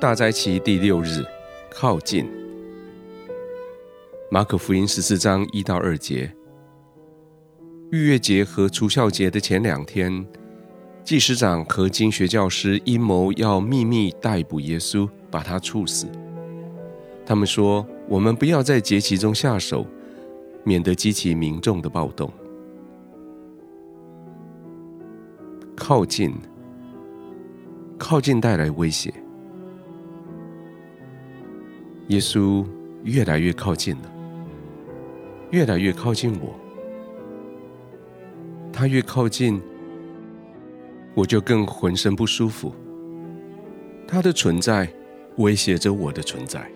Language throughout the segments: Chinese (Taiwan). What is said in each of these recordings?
大齋期第六日，靠近。馬可福音十四章一到二節，逾越節和除酵節的前兩天，祭司長和經學教師陰謀要秘密逮捕耶穌，把他處死。他們說：“我們不要在節期中下手，免得激起民眾的暴動。”靠近，靠近帶來威脅。耶穌越來越靠近了，越來越靠近我。他越靠近，我就更渾身不舒服。他的存在威脅着我的存在。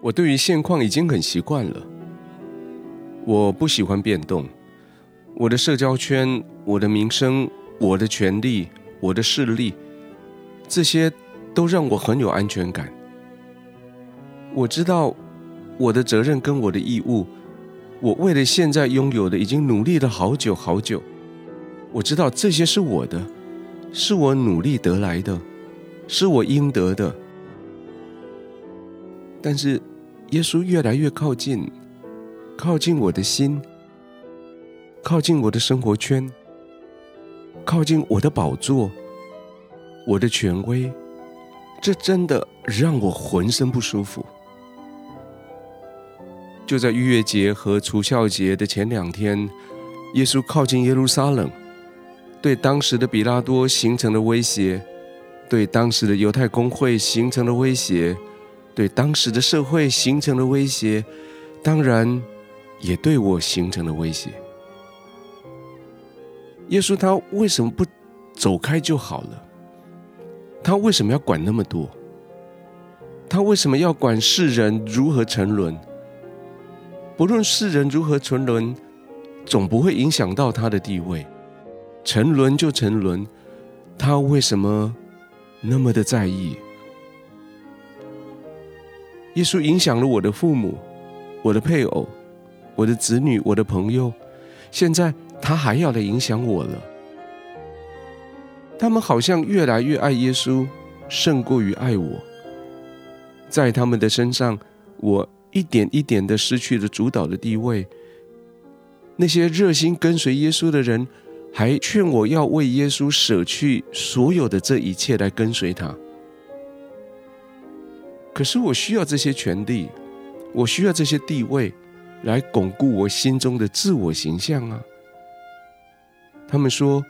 我對於現況已經很習慣了。我不喜歡變動。我的社交圈、我的名聲、我的權力、我的勢力，這些都讓我很有安全感。我知道我的責任跟我的義務，我為了現在擁有的已經努力了好久好久。我知道這些是我的，是我努力得來的，是我應得的。但是耶穌越來越靠近，靠近我的心，靠近我的生活圈，靠近我的寶座，我的權威，這真的讓我渾身不舒服。就在逾越節和除酵節的前兩天，耶穌靠近耶路撒冷，對當時的彼拉多形成了威脅，對當時的猶太公會形成了威脅，對當時的社會形成了威脅，當然也對我形成了威脅。耶穌他為什麼不走開就好了？他為什麼要管那麼多？他為什麼要管世人如何沉淪？不論世人如何沉淪，總不會影響到他的地位。沉淪就沉淪，他為什麼那麼的在意？耶穌影響了我的父母、我的配偶、我的子女、我的朋友，現在他還要來影響我了。他們好像越來越愛耶穌，勝過於愛我。在他們的身上，我，一點一點的失去了主導的地位。那些熱心跟隨耶穌的人，還勸我要為耶穌捨去所有的這一切來跟隨他。可是我需要這些權力，我需要這些地位，來鞏固我心中的自我形象啊！他們說，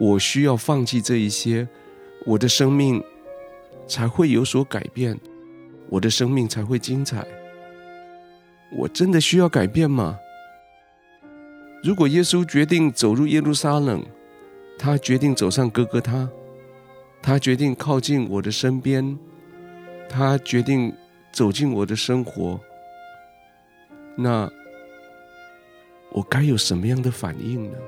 我需要放棄這一些，我的生命才會有所改變，我的生命才會精彩。我真的需要改變嗎？如果耶穌決定走入耶路撒冷，他決定走上各各他，他決定靠近我的身邊，他決定走進我的生活，那我該有什麼樣的反應呢？